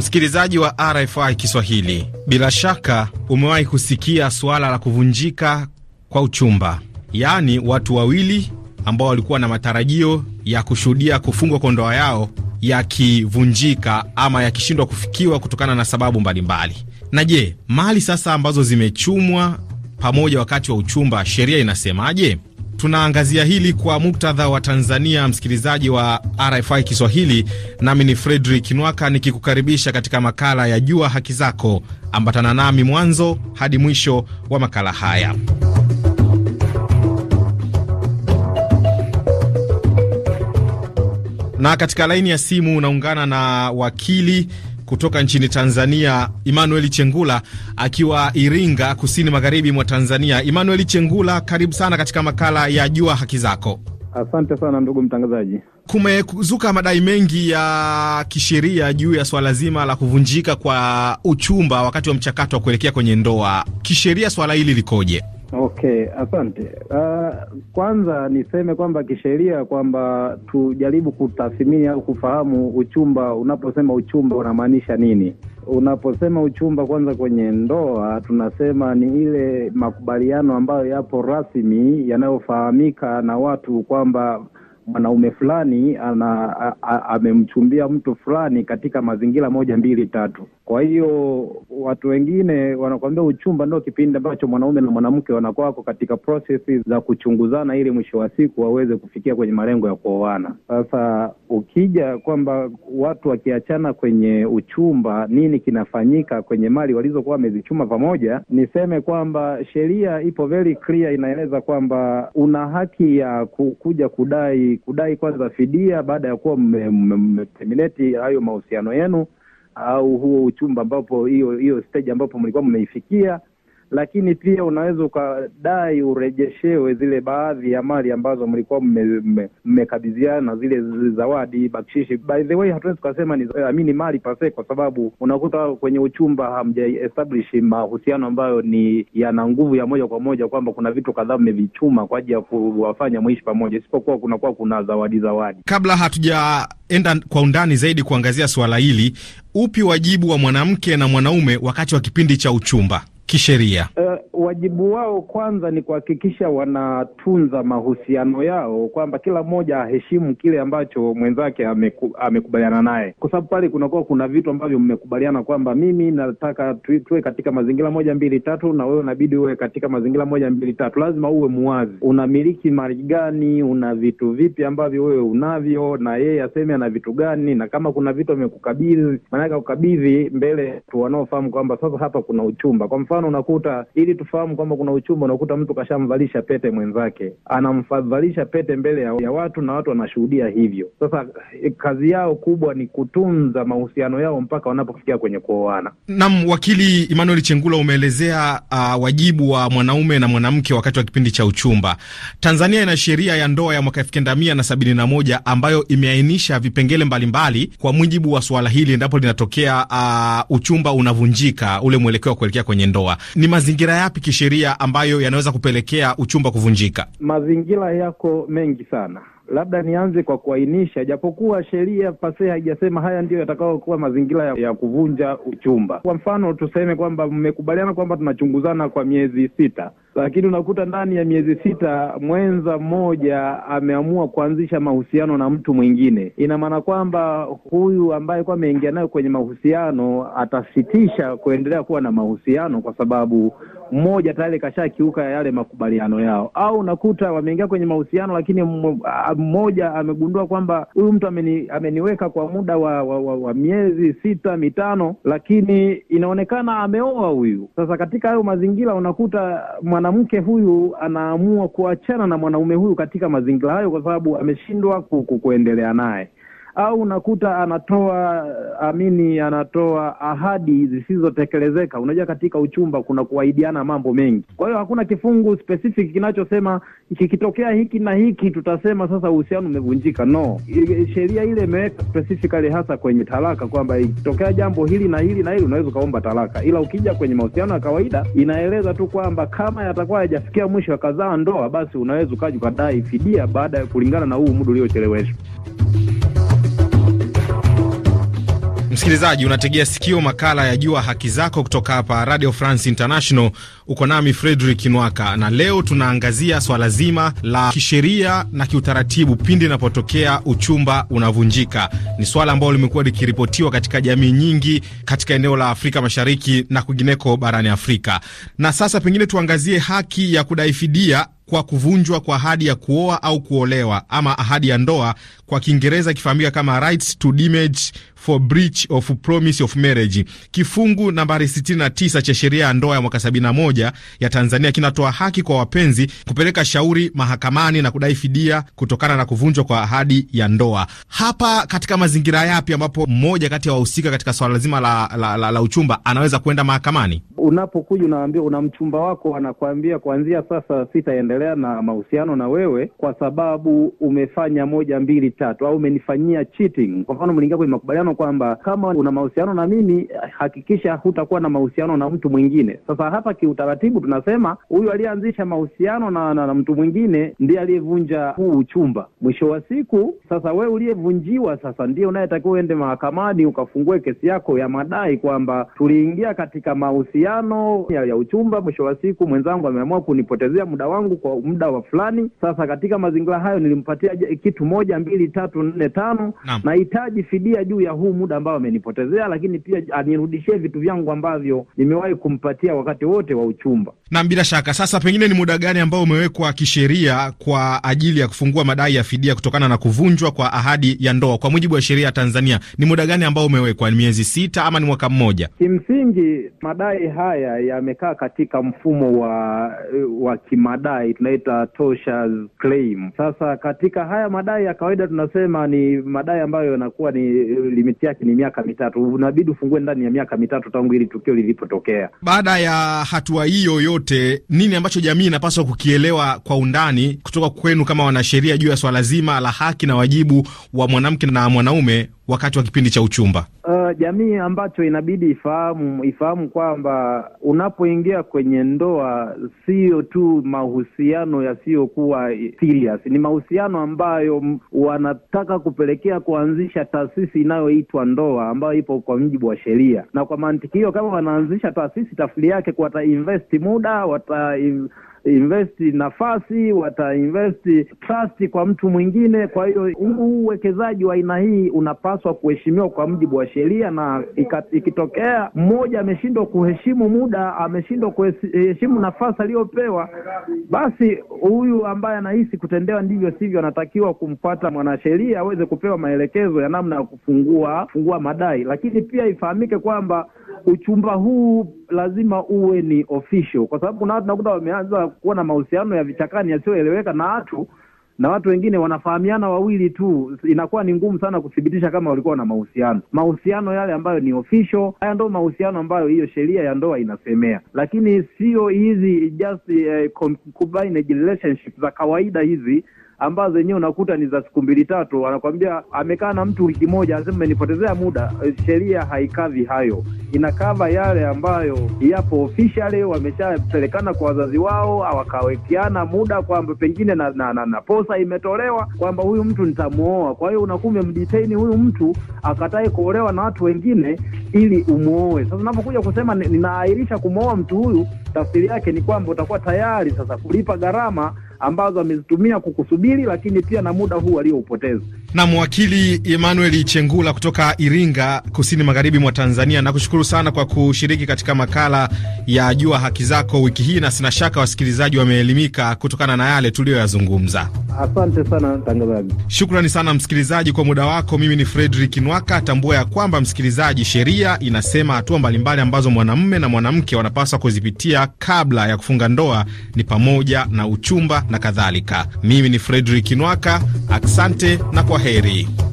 Msikilizaji wa RFI Kiswahili, bila shaka umewahi kusikia suala la kuvunjika kwa uchumba, yaani watu wawili ambao walikuwa na matarajio ya kushuhudia kufungwa kwa ndoa yao yakivunjika ama yakishindwa kufikiwa kutokana na sababu mbalimbali. Na je, mali sasa ambazo zimechumwa pamoja wakati wa uchumba, sheria inasemaje? Tunaangazia hili kwa muktadha wa Tanzania, msikilizaji wa RFI Kiswahili, nami ni Fredrik Nwaka nikikukaribisha katika makala ya Jua Haki Zako. Ambatana nami mwanzo hadi mwisho wa makala haya. Na katika laini ya simu unaungana na wakili kutoka nchini Tanzania, Emmanuel Chengula akiwa Iringa, kusini magharibi mwa Tanzania. Emmanuel Chengula, karibu sana katika makala ya Jua Haki Zako. Asante sana ndugu mtangazaji. Kumezuka madai mengi ya kisheria juu ya swala zima la kuvunjika kwa uchumba wakati wa mchakato wa kuelekea kwenye ndoa. Kisheria swala hili likoje? Okay, asante. Uh, kwanza niseme kwamba kisheria kwamba tujaribu kutathmini au kufahamu uchumba. Unaposema uchumba unamaanisha nini? Unaposema uchumba, kwanza kwenye ndoa tunasema ni ile makubaliano ambayo yapo rasmi yanayofahamika na watu kwamba mwanaume fulani ana amemchumbia mtu fulani katika mazingira moja mbili tatu. Kwa hiyo watu wengine wanakuambia uchumba ndio kipindi ambacho mwanaume na mwanamke wanakuwa wako katika prosesi za kuchunguzana, ili mwisho wa siku waweze kufikia kwenye malengo ya kuoana. Sasa ukija kwamba watu wakiachana kwenye uchumba, nini kinafanyika kwenye mali walizokuwa wamezichuma pamoja, niseme kwamba sheria ipo very clear, inaeleza kwamba una haki ya kuja kudai kudai kwanza fidia baada ya kuwa mmeterminate hayo mahusiano yenu au huo uchumba ambapo hiyo hiyo stage ambapo mlikuwa mmeifikia lakini pia unaweza ukadai urejeshewe zile baadhi ya mali ambazo mlikuwa mmekabidhiana, zile zawadi bakshishi. By the way, hatuwezi tukasema ni amini mali pase, kwa sababu unakuta kwenye uchumba hamja establish mahusiano ambayo ni yana nguvu ya moja kwa moja kwamba kuna vitu kadhaa mmevichuma kwa ajili ya kuwafanya mwishi pamoja, isipokuwa kunakuwa kuna zawadi zawadi. Kabla hatujaenda kwa undani zaidi kuangazia suala hili, upi wajibu wa mwanamke na mwanaume wakati wa kipindi cha uchumba? kisheria? Uh, wajibu wao kwanza ni kuhakikisha wanatunza mahusiano yao, kwamba kila mmoja aheshimu kile ambacho mwenzake ameku, amekubaliana naye, kwa sababu pale kunakuwa kuna vitu ambavyo mmekubaliana kwamba mimi nataka tuwe katika mazingira moja mbili tatu, na wewe unabidi uwe katika mazingira moja mbili tatu. Lazima uwe muwazi, unamiliki mali gani, una vitu vipi ambavyo wewe unavyo, na yeye aseme ana vitu gani, na kama kuna vitu amekukabidhi, maanake akukabidhi mbele wanaofahamu kwamba sasa hapa kuna uchumba, kwa mfano mfano unakuta, ili tufahamu kwamba kuna uchumba, unakuta mtu kashamvalisha pete mwenzake, anamvalisha pete mbele ya, watu na watu wanashuhudia hivyo. Sasa eh, kazi yao kubwa ni kutunza mahusiano yao mpaka wanapofikia kwenye kuoana. Naam, wakili Emmanuel Chengula, umeelezea uh, wajibu wa mwanaume na mwanamke wakati wa kipindi cha uchumba. Tanzania ina sheria ya ndoa ya mwaka elfu kenda mia na sabini na moja ambayo imeainisha vipengele mbalimbali mbali, kwa mujibu wa suala hili endapo linatokea uh, uchumba unavunjika ule mwelekeo wa kuelekea kwenye ndoa sawa. Ni mazingira yapi kisheria ambayo yanaweza kupelekea uchumba kuvunjika? Mazingira yako mengi sana labda nianze kwa kuainisha, japokuwa sheria pase haijasema haya ndiyo yatakayokuwa mazingira ya, ya kuvunja uchumba. Kwa mfano tuseme kwamba mmekubaliana kwamba tunachunguzana kwa miezi sita, lakini unakuta ndani ya miezi sita mwenza mmoja ameamua kuanzisha mahusiano na mtu mwingine, ina maana kwamba huyu ambaye kuwa ameingia nayo kwenye mahusiano atasitisha kuendelea kuwa na mahusiano kwa sababu mmoja tayari kashakiuka yale makubaliano yao, au unakuta wameingia kwenye mahusiano, lakini mmoja amegundua kwamba huyu mtu ameni, ameniweka kwa muda wa, wa, wa, wa miezi sita mitano, lakini inaonekana ameoa huyu. Sasa katika hayo mazingira unakuta mwanamke huyu anaamua kuachana na mwanaume huyu katika mazingira hayo, kwa sababu ameshindwa kuendelea naye au unakuta anatoa amini, anatoa ahadi zisizotekelezeka. Unajua, katika uchumba kuna kuahidiana mambo mengi, kwa hiyo hakuna kifungu specific kinachosema kikitokea hiki na hiki tutasema sasa uhusiano umevunjika. No, sheria ile imeweka specifically hasa kwenye talaka kwamba ikitokea jambo hili na hili na hili unaweza ukaomba talaka, ila ukija kwenye mahusiano ya kawaida inaeleza tu kwamba kama yatakuwa yajafikia mwisho akazaa ndoa, basi unaweza ukaji ukadai fidia baada ya kulingana na huu muda uliocheleweshwa. Msikilizaji, unategea sikio makala ya Jua Haki Zako kutoka hapa Radio France International. Uko nami Frederick Nwaka, na leo tunaangazia swala zima la kisheria na kiutaratibu pindi inapotokea uchumba unavunjika. Ni swala ambalo limekuwa likiripotiwa katika jamii nyingi katika eneo la Afrika Mashariki na kwingineko barani Afrika. Na sasa pengine tuangazie haki ya kudai fidia kwa kuvunjwa kwa ahadi ya kuoa au kuolewa ama ahadi ya ndoa, kwa Kiingereza ikifahamika kama rights to damage for breach of promise of marriage. Kifungu nambari 69 cha sheria ya ndoa ya mwaka 71 ya Tanzania kinatoa haki kwa wapenzi kupeleka shauri mahakamani na kudai fidia kutokana na kuvunjwa kwa ahadi ya ndoa. Hapa katika mazingira yapi ambapo mmoja kati ya wahusika katika swala zima la, la, la, la uchumba anaweza kwenda mahakamani? Unapokuja unaambia una mchumba wako anakuambia, kuanzia sasa sitaendelea na mahusiano na wewe kwa sababu umefanya moja mbili tatu, au umenifanyia cheating. Kwa mfano mliingia kwenye makubaliano mfano kwamba kama una mahusiano na mimi, hakikisha hutakuwa na mahusiano na mtu mwingine. Sasa hapa kiutaratibu tunasema huyu aliyeanzisha mahusiano na, na, na mtu mwingine ndiye aliyevunja huu uchumba. Mwisho wa siku, sasa wewe uliyevunjiwa, sasa ndiye unayetakiwa uende mahakamani ukafungue kesi yako ya madai kwamba tuliingia katika mahusiano ya, ya uchumba. Mwisho wa siku, mwenzangu ameamua kunipotezea muda wangu kwa muda wa fulani. Sasa katika mazingira hayo nilimpatia kitu moja, mbili, tatu, nne, tano, nahitaji fidia juu ya huu muda ambao amenipotezea, lakini pia anirudishie vitu vyangu ambavyo nimewahi kumpatia wakati wote wa uchumba. Na bila shaka sasa, pengine ni muda gani ambao umewekwa kisheria kwa ajili ya kufungua madai ya fidia kutokana na kuvunjwa kwa ahadi ya ndoa? Kwa mujibu wa sheria ya Tanzania, ni muda gani ambao umewekwa? Ni miezi sita ama ni mwaka mmoja? Kimsingi madai haya yamekaa katika mfumo wa wa kimadai tunaita tortious claim. Sasa katika haya madai ya kawaida tunasema ni madai ambayo yanakuwa ni limiti yake ni miaka mitatu. Unabidi ufungue ndani ya miaka mitatu tangu hili tukio lilipotokea. Baada ya hatua hiyo yote, nini ambacho jamii inapaswa kukielewa kwa undani kutoka kwenu kama wanasheria juu ya swala zima la haki na wajibu wa mwanamke na mwanaume wakati wa kipindi cha uchumba? Uh, jamii ambacho inabidi ifahamu ifahamu kwamba unapoingia kwenye ndoa sio tu mahusiano yasiyokuwa serious, ni mahusiano ambayo wanataka kupelekea kuanzisha taasisi inayoitwa ndoa ambayo ipo kwa mujibu wa sheria, na kwa mantiki hiyo, kama wanaanzisha taasisi, tafsiri yake watainvest muda wata investi nafasi, investi trust kwa mtu mwingine. Kwa hiyo huu uwekezaji wa aina hii unapaswa kuheshimiwa kwa mujibu wa sheria, na ikitokea mmoja ameshindwa kuheshimu muda, ameshindwa kuheshimu nafasi aliyopewa, basi huyu ambaye anahisi kutendewa ndivyo sivyo, anatakiwa kumfuata mwanasheria aweze kupewa maelekezo ya namna ya kufungua fungua madai, lakini pia ifahamike kwamba uchumba huu lazima uwe ni official, kwa sababu kuna watu nakuta wameanza kuwa na mahusiano ya vichakani yasiyoeleweka na watu na watu wengine wanafahamiana wawili tu, inakuwa ni ngumu sana kuthibitisha kama walikuwa na mahusiano. Mahusiano yale ambayo ni official, haya ndo mahusiano ambayo hiyo sheria ya ndoa inasemea, lakini sio hizi just uh, combined relationship za kawaida hizi ambazo wenyewe unakuta ni za siku mbili tatu. Anakwambia amekaa na mtu wiki moja, anasema amenipotezea muda. Sheria haikavi hayo, inakava yale ambayo yapo officially, wameshapelekana kwa wazazi wao, wakawekeana muda kwamba pengine na, na, na, na posa imetolewa kwamba huyu mtu nitamwoa. Kwa hiyo unakume umemdetain huyu mtu akatae kuolewa na watu wengine ili umwoe. Sasa unapokuja kusema ninaahirisha kumwoa mtu huyu, tafsiri yake ni kwamba utakuwa tayari sasa kulipa gharama ambazo amezitumia kukusubiri, lakini pia na muda huu alioupoteza na mwakili Emmanuel Chengula kutoka Iringa, kusini magharibi mwa Tanzania. Nakushukuru sana kwa kushiriki katika makala ya Jua Haki Zako wiki hii, na sina shaka wasikilizaji wameelimika kutokana na yale tuliyoyazungumza. Asante sana mtangazaji. Shukrani sana msikilizaji kwa muda wako. Mimi ni Fredrik Nwaka. Tambua ya kwamba msikilizaji, sheria inasema hatua mbalimbali ambazo mwanamume na mwanamke wanapaswa kuzipitia kabla ya kufunga ndoa ni pamoja na uchumba na kadhalika. Mimi ni Fredrik Nwaka, asante na kwa kwaheri.